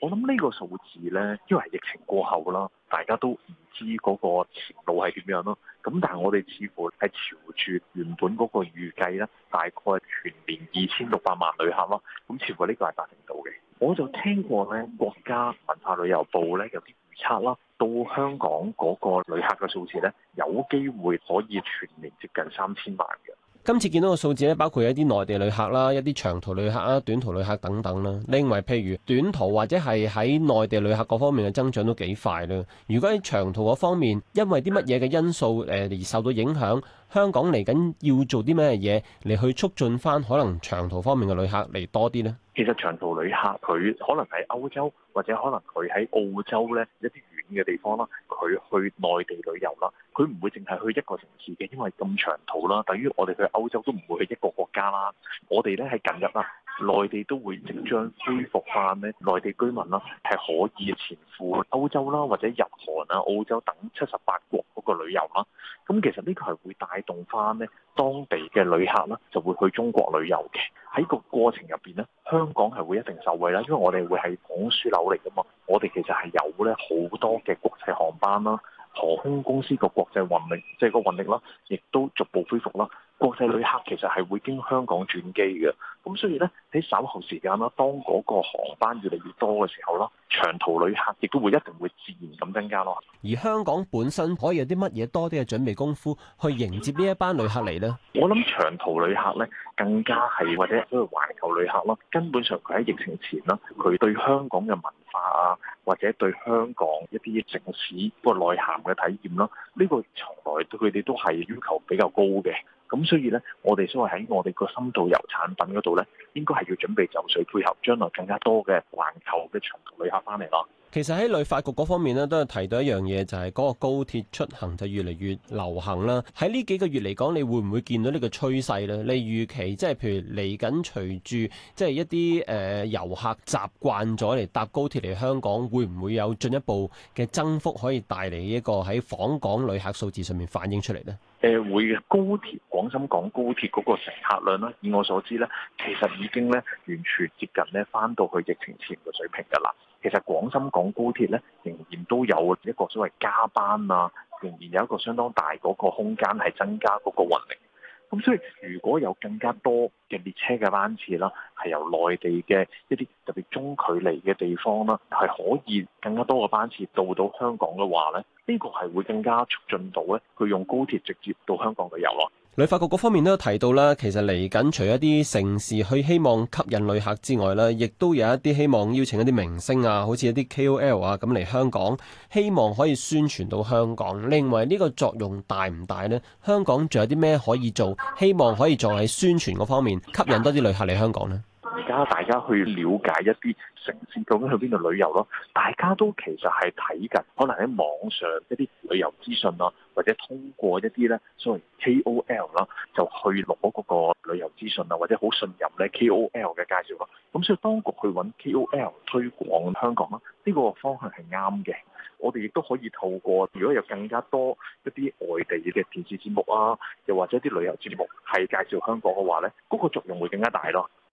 我諗呢個數字呢，因為疫情過後啦，大家都唔知嗰個前路係點樣咯。咁但係我哋似乎係朝住原本嗰個預計呢，大概係全年二千六百萬旅客啦。咁似乎呢個係達成到嘅。我就聽過呢，國家文化旅遊部呢，有啲預測啦，到香港嗰個旅客嘅數字呢，有機會可以全年接近三千萬嘅。今次見到嘅數字咧，包括一啲內地旅客啦，一啲長途旅客啊、短途旅客等等啦。你認為譬如短途或者係喺內地旅客各方面嘅增長都幾快咧？如果喺長途嗰方面，因為啲乜嘢嘅因素誒而受到影響，香港嚟緊要做啲咩嘢嚟去促進翻可能長途方面嘅旅客嚟多啲呢？其實長途旅客佢可能喺歐洲或者可能佢喺澳洲呢。一啲嘅地方啦，佢去內地旅遊啦，佢唔會淨係去一個城市嘅，因為咁長途啦，等於我哋去歐洲都唔會去一個國家啦。我哋咧喺近日啊，內地都會即將恢復翻咧，內地居民啦係可以前赴歐洲啦，或者日韓啊、澳洲等七十八國嗰個旅遊啦。咁其實呢個係會帶動翻咧當地嘅旅客啦，就會去中國旅遊嘅。喺個過程入邊咧，香港係會一定受惠啦，因為我哋會係個樞紐嚟噶嘛，我哋其實係。好多嘅國際航班啦，航空公司個國際運力，即係個運力啦，亦都逐步恢復啦。國際旅客其實係會經香港轉機嘅，咁所以呢，喺稍後時間啦，當嗰個航班越嚟越多嘅時候啦，長途旅客亦都會一定會自然咁增加咯。而香港本身可以有啲乜嘢多啲嘅準備功夫去迎接呢一班旅客嚟呢？我諗長途旅客呢，更加係或者都係環球旅客啦，根本上佢喺疫情前啦，佢對香港嘅民或者對香港一啲城市個內涵嘅體驗啦，呢、這個從來對佢哋都係要求比較高嘅，咁所以呢，我哋所謂喺我哋個深度遊產品嗰度呢，應該係要準備就緒，配合將來更加多嘅環球嘅長途旅客翻嚟咯。其實喺旅發局嗰方面咧，都係提到一樣嘢，就係、是、嗰個高鐵出行就越嚟越流行啦。喺呢幾個月嚟講，你會唔會見到呢個趨勢咧？你預期即係譬如嚟緊，隨住即係一啲誒、呃、遊客習慣咗嚟搭高鐵嚟香港，會唔會有進一步嘅增幅可以帶嚟一個喺訪港旅客數字上面反映出嚟呢？誒會嘅，高鐵廣深港高鐵嗰個乘客量咧，以我所知咧，其實已經咧完全接近咧翻到去疫情前嘅水平㗎喇。其實廣深港高鐵咧，仍然都有一個所謂加班啊，仍然有一個相當大嗰個空間係增加嗰個運力。咁所以如果有更加多嘅列車嘅班次啦，係由內地嘅一啲特別中距離嘅地方啦，係可以更加多嘅班次到到香港嘅話咧，呢個係會更加促進到咧，佢用高鐵直接到香港旅遊咯。旅發局嗰方面都有提到啦，其實嚟緊除一啲城市去希望吸引旅客之外啦，亦都有一啲希望邀請一啲明星啊，好似一啲 KOL 啊咁嚟香港，希望可以宣傳到香港。另外，呢個作用大唔大呢？香港仲有啲咩可以做？希望可以做喺宣傳嗰方面吸引多啲旅客嚟香港呢？家大家去了解一啲城市，究竟去邊度旅遊咯？大家都其實係睇緊，可能喺網上一啲旅遊資訊啦，或者通過一啲咧所謂 K O L 啦，就去攞嗰個旅遊資訊啊，或者好信任咧 K O L 嘅介紹咯。咁所以當局去揾 K O L 推廣香港啦，呢個方向係啱嘅。我哋亦都可以透過，如果有更加多一啲外地嘅電視節目啊，又或者啲旅遊節目係介紹香港嘅話咧，嗰個作用會更加大咯。